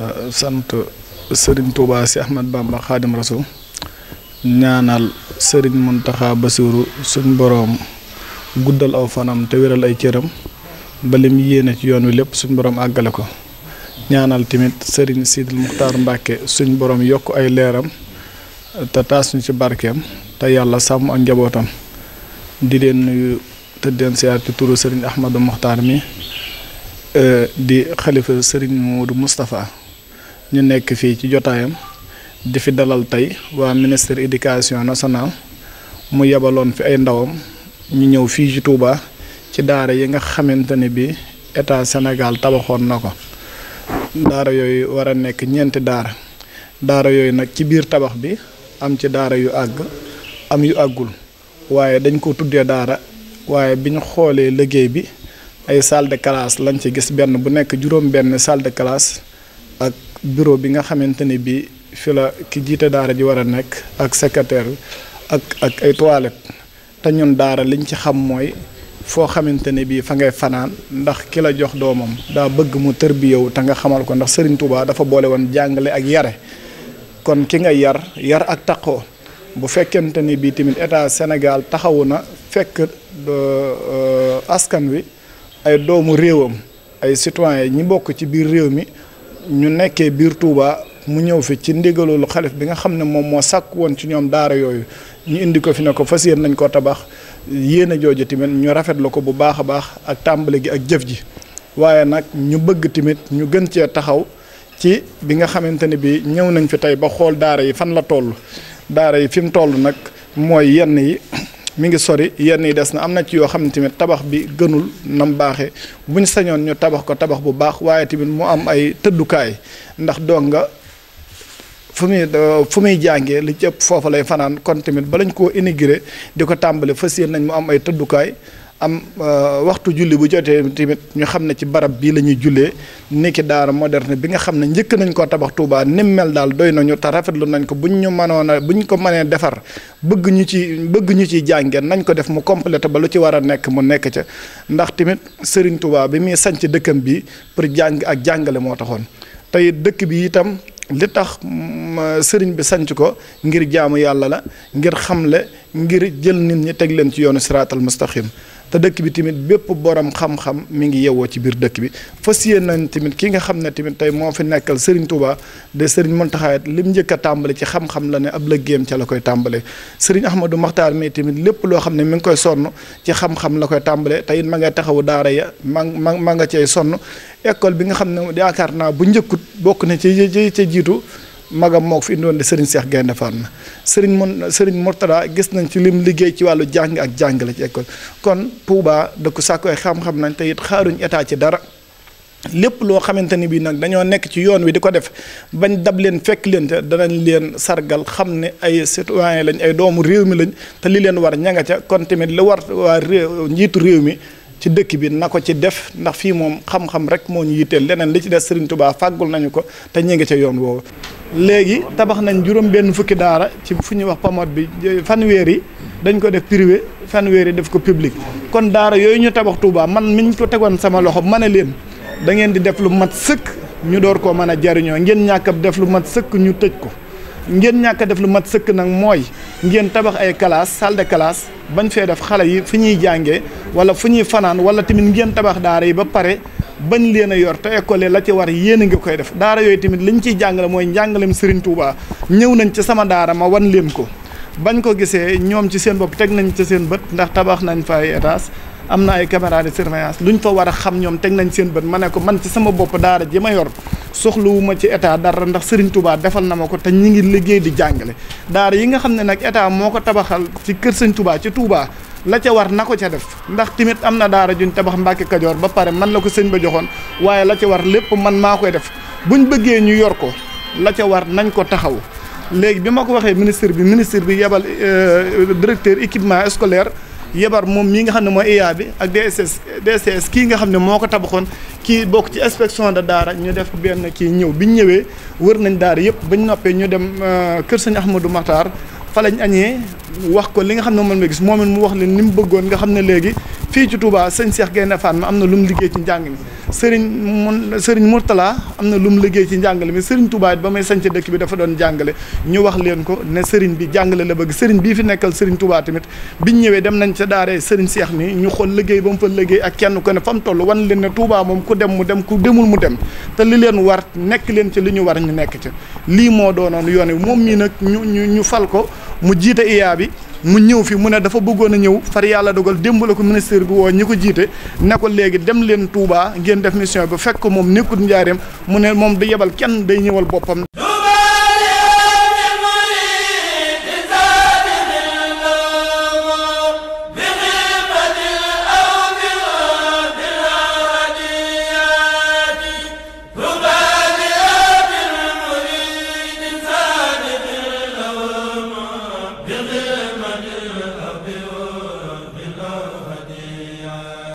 Euh, sant Serigne Touba si Ahmad Bamba Xaadim Rasul ñaanal Serigne Mountakha Bassirou suñ boroom guddal aw fanam te wéral ay cëram ba lim yéene ci yoon wi lépp suñ boroom àggale ko ñaanal tamit Serigne Sidil Muxtaar Mbàkke suñ boroom yokk ay leeram te taas ñu ci barkeem te yàlla sàmm ak njabootam di leen nuyu te di leen siyaar ci turu Serigne Ahmadou Muxtaar mi euh, di xalifa Serigne Modou Moustapha ñu nekk fii ci jotaayam di fi dalal tey waa ministre éducation nationale mu yebaloon fi ay ndawam ñu ñëw fii ci Touba ci daara yi nga xamante ne bi état senegal tabaxoon na ko daara yooyu war a nekk ñeenti daara daara yooyu nag ci biir tabax bi am ci daara yu àgg am yu àggul waaye dañ ko tuddee daara waaye biñu xoolee liggéey bi ay salle de lañ ci gis benn bu nekk juróom benn salle de classe bureau bi nga xamante ni bi fi la ki jiite daara ji war a nekk ak secrétaire ak ak ay toilette te ñun daara liñ ci xam mooy foo xamante ne bii fa ngay fanaan ndax ki la jox doomam daa bëgg mu tërbiyewu te nga xamal ko ndax Serigne Touba dafa boole woon jàngale ak yare kon ki nga yar yar ak taqoo bu fekkente ni bii tamit état senegal taxawu na fekk euh, askan wi ay doomu réewam ay citoyen ñi bokk ci biir réew mi ñu nekkee biir Touba mu ñëw fi ci ndigalul xalif bi nga xam ne moom moo sàkk woon ci ñoom daara yooyu ñu indi ko fi ne ko fas yéen nañ koo tabax yéen a jooju tamit ñu rafetlu ko bu baax a baax ak tàmbali gi ak jëf ji waaye nag ñu bëgg tamit ñu gën cee taxaw ci bi nga xamante ne bi ñëw nañ fi tey ba xool daara yi fan la toll daara yi fi mu toll nag mooy yenn yi mi ngi sori yenn yi des na am na ci yoo xam ne tabax bi gënul nam baaxee bu ñu sañoon ñu tabax ko tabax bu baax waaye tamit mu am ay tëddukaay ndax doog nga fu muy fu muy jàngee li ci foofu lay fanaan kon tamit balañ koo intégré di ko tàmbali fas yéen nañ mu am ay tëddukaay am euh, waxtu julli bu jotee tamit ñu xam ne ci barab bii la ñuy jullee nekki daara moderne bi nga xam ne njëkk nañ koo tabax Touba nim mel daal doy nañu te rafetlu nañ ko buñ ñu mënoon bu ñu ko mënee defar bëgg ñu ci bëgg ñu ciy jàngee nañ ko def mu complété ba lu ci war a nekk mu nekk ca ndax tamit Serigne Touba bi muy sanc dëkkam bi pour jàng ak jàngale moo taxoon tey dëkk bi itam li tax mm, sëriñ bi sanc ko ngir jaamu yàlla la ngir xamle ngir jël nit ñi teg leen ci yoonu siraatal mustaqim te dëkk bi tamit bépp borom xam-xam mi ngi yewoo ci biir dëkk bi fas yéen nañ tamit ki nga xam ne tamit tey moo fi nekkal Serigne Touba de Serigne Mountakha lim njëkk a tàmbali ci xam-xam la ne ab lëggéeyam ca la koy tàmbale Serigne Ahmadou Makhtar mi tamit lépp loo xam ne mi ngi koy sonn ci xam-xam la koy tàmbalee tey ma ngay taxawu daara ya ma ma ma nga cey sonn école bi nga xam ne yaakaar naa bu njëkkut bokk na ci ci jiitu magam moo ko fi indiwoon di Serigne Cheikh Gaynde Fatma Serigne mon Serigne Mourtada gis nañ ci lim liggéey ci wàllu jàng ak jàngale ci école kon Touba dëkk sàkku ay xam-xam nañ te it xaaruñ état ci dara. lépp loo xamante ni bii nag dañoo nekk ci yoon wi di ko def bañ dab leen fekk leen ca danañ leen sargal xam ne ay citoyen lañ ay doomu réew mi lañ te li leen war ñanga ca kon tamit li war waa réew njiitu réew mi. ci dëkk bi na ko ci def ndax fii moom xam-xam rek moo ñu yitteel leneen li ci des Serigne Touba fàggul nañu ko te ñu ngi ca yoon woowu. léegi tabax nañ juróom benn fukki daara ci fu ñuy wax Pomod bi fanweer yi dañ ko def privé fanweer yi def ko public kon daara yooyu ñu tabax Touba man miñ ko tegoon sama loxo ma ne leen dangeen di def lu mat sëkk. ñu door koo mën a jariñoo ngeen ñàkk def lu mat sëkk ñu tëj ko ngeen ñàkk def lu mat sëkk nag mooy ngeen tabax ay classe salle de classe bañ fee def xale yi fi ñuy jàngee wala fu ñuy fanaan wala tamit ngeen tabax daara yi ba pare bañ leen a yor te école la ci war yéen a ngi koy def daara yooyu tamit li liñ ciy jàngale mooy njàngaleem Serigne Touba ñëw nañ ci sama daara ma wan leen ko bañ ko gisee ñoom ci seen bopp teg nañ ci seen bët ndax tabax nañ fa ay étage am na ay caméra de surveillance luñ fa war a xam ñoom teg nañ seen bët ma ne ko man ci sama bopp daara ji ma yor soxlawuma ci état dara ndax Serigne Touba defal na ma ko te ñi ngi liggéey di jàngale daara yi nga xam ne nag état moo ko tabaxal ci kër Serigne Touba ci Touba la ca war na ko ca def ndax tamit am na daara juñ tabax Mbàkke Kajoor ba pare man la ko sëñ ba joxoon waaye la ca war lépp man maa koy def buñ bëggee ñu yor ko la ca war nañ ko taxaw léegi bi ma ko waxee ministre bi ministre bi yebal euh, directeur équipement scolaire yebar moom mii nga xam ne mooy IA e bi ak DSS DSS kii nga xam ne moo ko tabaxoon kii bokk ci inspection de daara ñu def benn kii ñëw bi ñu ñëwee wër nañ daara yëpp bañ noppee ñu dem euh, kër sëñ Ahmadou Makhtar fa lañ añee wax ko li nga xam ne moom la gis moom mu wax leen ni mu bëggoon nga xam ne léegi fii ci Touba sëñ Cheikh Gaynde Fatma am na lu mu liggéey ci njàng mi sëriñ mun sëriñ Mourtala am na lu mu liggéey ci njàngale mi sëriñ Touba it ba may sañc dëkk bi dafa doon jàngale ñu wax leen ko ne sëriñ bi jàngale la bëgg sëriñ bii fi nekkal sëriñ Touba tamit biñ ñëwee dem nañ ca daaree sëriñ seex mi ñu xool liggéey ba mu fa liggéey ak kenn ko ne fa mu toll wan leen ne Touba moom ku dem mu dem ku demul mu dem te li leen war nekk leen ci li ñu war ñu nekk ci lii moo doonoon yoon moom mii nag ñu ñu ñu fal ko mu jiite iyaa mu ñëw fii mu ne dafa bëggoon a ñëw far yàlla dogal démb la ko ministère bi woo ñi ko jiite ne ko léegi dem leen Touba ngeen def mission bi fekk moom nekkut njaareem mu ne moom du yebal kenn day ñëwal boppam